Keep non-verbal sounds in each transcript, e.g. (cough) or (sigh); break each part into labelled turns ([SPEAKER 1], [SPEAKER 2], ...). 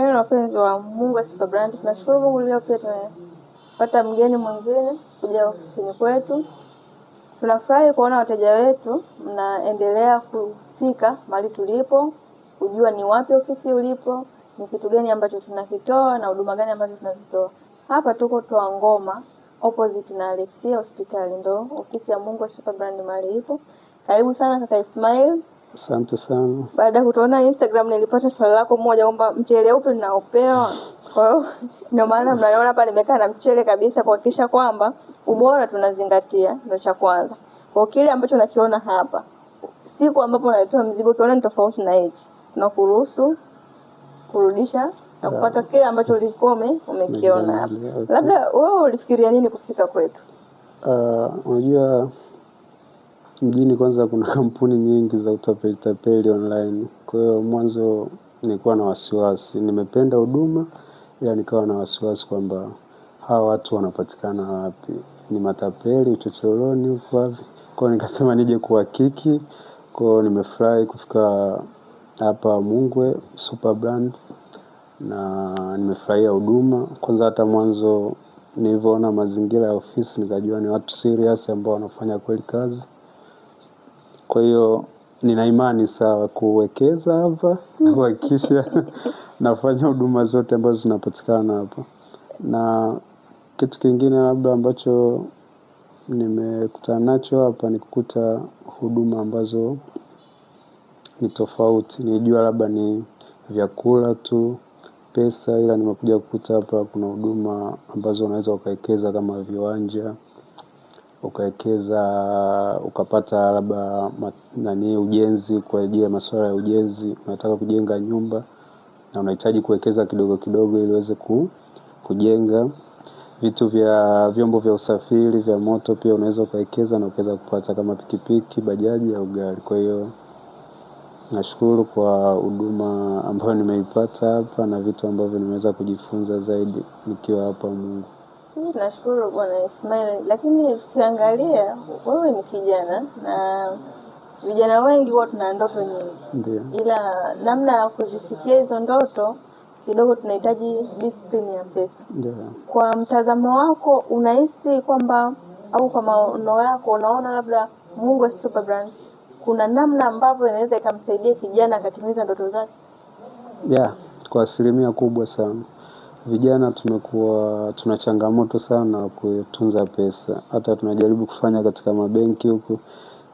[SPEAKER 1] Ewe yaani na wapenzi wa Mungu Super Brand, tunashukuru Mungu leo pia tumepata mgeni mwingine kuja ofisini kwetu. Tunafurahi kuona wateja wetu mnaendelea kufika mahali tulipo, kujua ni wapi ofisi ulipo, ni kitu gani ambacho tunakitoa na huduma gani ambazo tunazitoa. Hapa tuko Toa Ngoma opposite na Alexia hospitali, ndo ofisi ya Mungu Super Brand mahali ipo. Karibu sana kaka Ismail.
[SPEAKER 2] Asante sana.
[SPEAKER 1] Baada ya kutuona Instagram, nilipata swali lako moja kwamba mchele upi mnaopewa. Kwa hiyo ndio maana mnaona hapa nimekaa na mchele kabisa, kuhakikisha kwamba ubora tunazingatia, ndio cha kwanza. Kwa kile ambacho nakiona hapa, siku ambapo unalitoa mzigo, ukiona ni tofauti na hichi, tunakuruhusu kurudisha na kupata kile ambacho ulikome umekiona hapa. Labda wewe ulifikiria nini kufika kwetu?
[SPEAKER 2] Ah, unajua uh, mjini kwanza kuna (laughs) kampuni nyingi za utapelitapeli online. Kwa hiyo mwanzo nilikuwa na wasiwasi, nimependa huduma ila nikawa na wasiwasi kwamba hawa watu wanapatikana wapi, ni matapeli, uchochoroni huko wapi. Kwa hiyo nikasema nije kuhakiki, kwa hiyo nimefurahi kufika hapa Mungwe Brand na nimefurahia huduma. Kwanza hata mwanzo nilivyoona mazingira ya ofisi nikajua ni watu serious ambao wanafanya kweli kazi. Kwa hiyo nina imani sawa kuwekeza hapa mm. kuhakikisha (laughs) nafanya huduma zote ambazo zinapatikana hapa. Na kitu kingine labda ambacho nimekutana nacho hapa ni kukuta huduma ambazo ni tofauti. Nilijua labda ni vyakula tu, pesa ila nimekuja kukuta hapa kuna huduma ambazo unaweza ukawekeza kama viwanja ukawekeza ukapata labda nani ujenzi kwa ajili ya masuala ya ujenzi, unataka kujenga nyumba na unahitaji kuwekeza kidogo kidogo ili uweze kujenga vitu vya vyombo vya usafiri vya moto pia unaweza ukawekeza na ukaweza kupata kama pikipiki, bajaji au gari. Kwa hiyo nashukuru kwa huduma ambayo nimeipata hapa na vitu ambavyo nimeweza kujifunza zaidi nikiwa hapa Mungu
[SPEAKER 1] vizuri, nashukuru Bwana Ismail, lakini ukiangalia wewe ni kijana na vijana wengi huwa tuna ndoto
[SPEAKER 2] nyingi.
[SPEAKER 1] Ila namna ya kuzifikia hizo ndoto kidogo tunahitaji discipline ya pesa. Ndiyo. Kwa mtazamo wako unahisi kwamba au kwa maono yako unaona labda Mungu wa Superbrand kuna namna ambavyo inaweza ikamsaidia kijana akatimiza ndoto zake?
[SPEAKER 2] Yeah, kwa asilimia kubwa sana. Vijana tumekuwa tuna changamoto sana kutunza pesa, hata tunajaribu kufanya katika mabenki huku,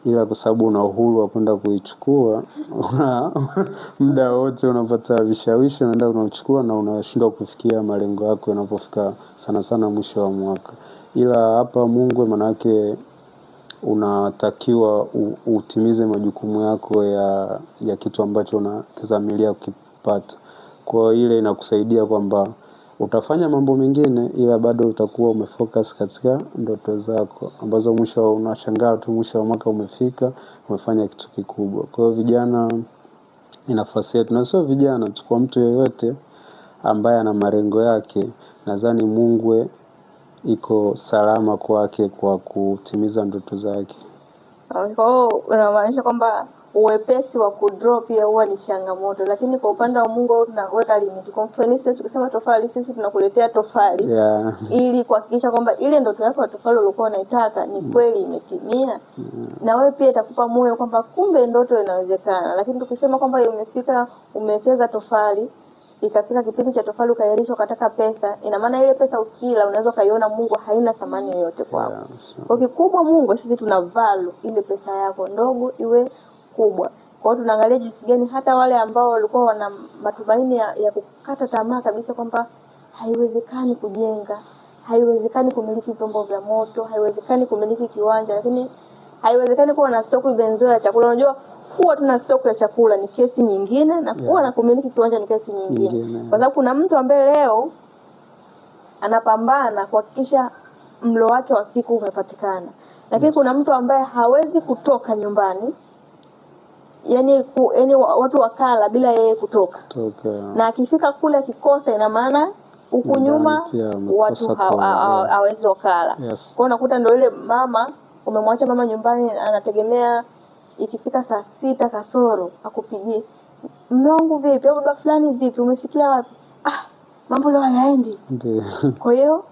[SPEAKER 2] ila kwa sababu una uhuru wa kwenda kuichukua una muda wote unapata vishawishi, unaenda unachukua na unashindwa kufikia malengo yako yanapofika sana sana mwisho wa mwaka, ila hapa Mungwe manaake unatakiwa utimize majukumu yako ya kitu ambacho unatazamilia kukipata. Kwa ile inakusaidia kwamba utafanya mambo mengine ila bado utakuwa umefocus katika ndoto zako ambazo mwisho unashangaa tu mwisho wa mwaka umefika umefanya kitu kikubwa kwa hiyo vijana ni nafasi yetu na sio vijana tu kwa mtu yeyote ambaye ana malengo yake nadhani mungwe iko salama kwake kwa kutimiza ndoto zake
[SPEAKER 1] kwa hiyo unamaanisha kwamba uwepesi wa kudraw pia huwa ni changamoto, lakini kwa upande wa Mungu tunaweka limit. Kwa mfano sisi tukisema tofali, sisi tunakuletea tofali yeah. ili kuhakikisha kwamba ile ndoto yako ya tofali uliokuwa unaitaka ni mm. kweli imetimia, yeah. Mm. na wewe pia itakupa moyo kwamba kumbe ndoto inawezekana. Lakini tukisema kwamba umefika umewekeza tofali ikafika kipindi cha tofali ukairisha ukataka pesa, ina maana ile pesa ukila unaweza ukaiona Mungu haina thamani yoyote kwako. Yeah, so. Kwa kikubwa Mungu sisi tuna value ile pesa yako ndogo iwe kubwa. Kwa hiyo tunaangalia jinsi gani hata wale ambao walikuwa wana matumaini ya, ya kukata tamaa kabisa kwamba haiwezekani kujenga, haiwezekani kumiliki vyombo vya moto, haiwezekani kumiliki kiwanja, lakini haiwezekani kuwa na stoku benzo ya chakula. Unajua kuwa tuna stoku ya chakula ni kesi nyingine na kuwa yeah. na kumiliki kiwanja ni kesi nyingine, nyingine. Kwa sababu kuna mtu ambaye leo anapambana kuhakikisha mlo wake wa siku umepatikana, lakini yes. kuna mtu ambaye hawezi kutoka nyumbani yani, ku, yani watu wakala bila yeye kutoka okay. Na akifika kule akikosa, ina maana huku nyuma watu hawezi wakala yes. Kwao unakuta ndio ile mama umemwacha mama nyumbani, anategemea ikifika saa sita kasoro akupigie, mlongo, vipi, au baba fulani vipi, umefikia wapi? Ah, mambo leo hayaendi. Kwa hiyo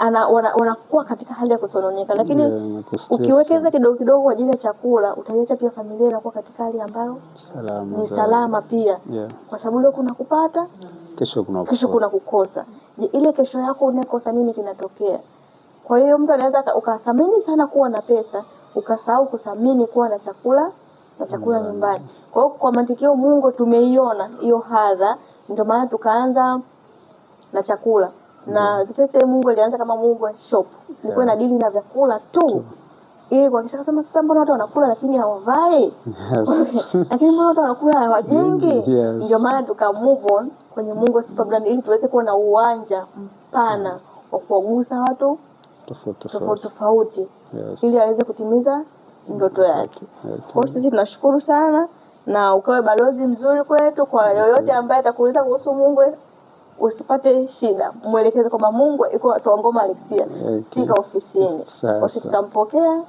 [SPEAKER 1] ana, wana, wanakuwa katika hali ya kutononeka, lakini yeah, ukiwekeza kidogo kidogo kwa ajili ya chakula utaiacha pia familia inakuwa katika hali ambayo salama, ni salama pia yeah. Kwa sababu leo kuna kupata kesho kuna kesho kuna kukosa. Je, ile kesho yako unakosa nini kinatokea? Kwa hiyo mtu anaweza ukathamini sana kuwa na pesa ukasahau kuthamini kuwa na chakula na chakula yeah. nyumbani. Kwa hiyo kwa mantikio Mungu tumeiona hiyo hadha, ndio maana tukaanza na chakula na First Mungu ilianza kama Mungu shop, nilikuwa yeah. na dili na vyakula tu ili kisha kama sasa, mbona watu wanakula lakini hawavai,
[SPEAKER 2] (laughs)
[SPEAKER 1] lakini mbona watu wanakula hawajenge? Ndio maana tuka move on kwenye Mungu Super Brand ili tuweze kuwa na uwanja mpana wa kuwagusa watu tofauti tofauti, ili aweze kutimiza ndoto yake. Kwa sisi tunashukuru sana, na ukawe balozi mzuri kwetu, kwa yoyote ambaye atakuuliza kuhusu Mungu usipate shida, mwelekeze kwamba Mungu iko watu wa Ngoma Alexia, fika okay. ofisini basi tutampokea,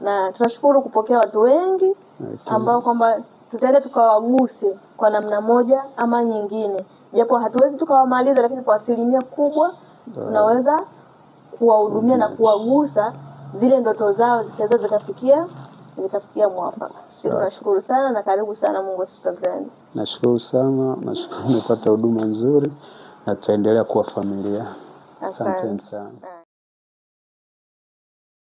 [SPEAKER 1] na tunashukuru kupokea watu wengi okay. ambao kwamba tutaenda tukawaguse kwa namna moja ama nyingine, japo hatuwezi tukawamaliza, lakini kwa asilimia kubwa tunaweza kuwahudumia na kuwagusa zile ndoto zao zikaweza zikafikia zikafikia mwafaka. Tunashukuru sana na karibu sana. Mungu asifiwe.
[SPEAKER 2] Nashukuru sana, nashukuru nimepata huduma nzuri na tutaendelea kuwa familia. Asante sana.